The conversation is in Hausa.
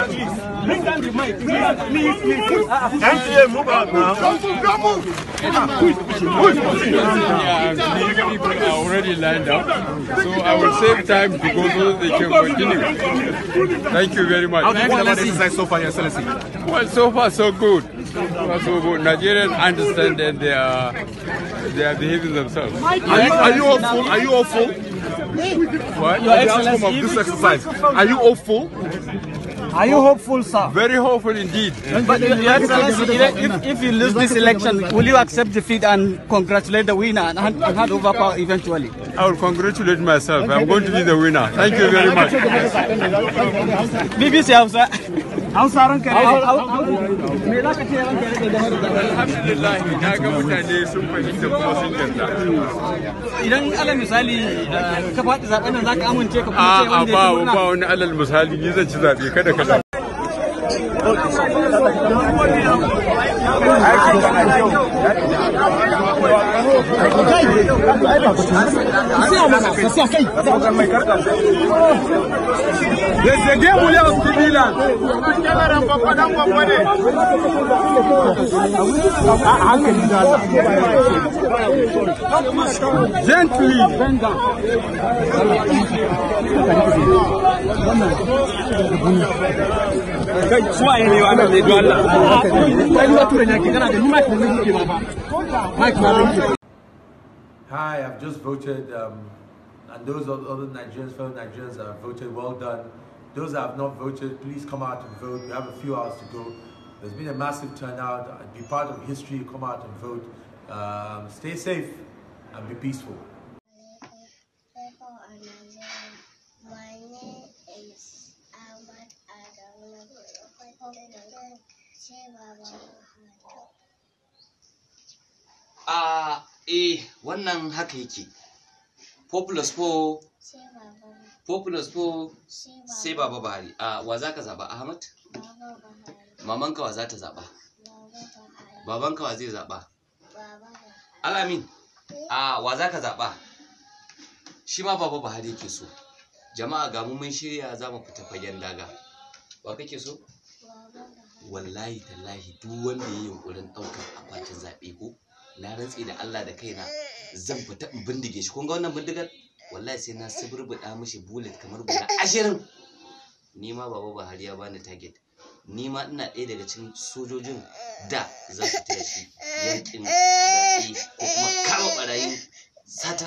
Please, bring down the mic. Please, please, please. move out now. Don't move, don't move. Many people are already lined up, so I will save time because they can continue. Thank you very much. How do you exercise so far, Your Well, so far so good. So far so good. Nigerians understand and they are they are behaving themselves. Are you, are you all hopeful? Are you hopeful? What? Your Excellency, of this exercise. Are you all full? Are you hopeful, sir? Very hopeful indeed. But if, if you lose this election, will you accept defeat and congratulate the winner and hand over power eventually? I will congratulate myself. I'm going to be the winner. Thank you very much. BBC sir. hausa ranka ne me za ka da alhamdulillah na ga mutane sun fahimta kuma sun yarda idan alal misali ka faɗi zaɓen nan za ka amince ka kuma ce wanda ya ba ba wani alal misali ni zan ci zaɓe kada ka Desde mu ne a su bila. Kyamaran babbadan babba ne. A hankali da Allah. Gently. Wannan. Hi, I've just voted, um, and those other Nigerians, fellow Nigerians have voted, well done. Those that have not voted, please come out and vote. We have a few hours to go. There's been a massive turnout. Be part of history, come out and vote. Um, stay safe and be peaceful. a e, wannan haka yake populus 4 populus 4 sai baba bahari a wa za ka zaɓa ahmad mamanka wa za ta zaɓa babanka wa zai zaɓa alamin a wa za ka zaɓa shi ma baba bahari ke so jama'a ga mun shirya za mu fita fagen daga wa kake so wallahi tallahi duk wanda ya yi yunkurin ɗaukar akwatin zaɓe ko na rantse da Allah da kaina zan fita in bindige shi kun ga wannan bindigar wallahi sai na suburbuɗa mishi bullet kamar guda ashirin ni ma baba Buhari ya bani target ni ma ina ɗaya daga cikin sojojin da za su taya shi yankin zaɓe ko kuma kama ɓarayin satan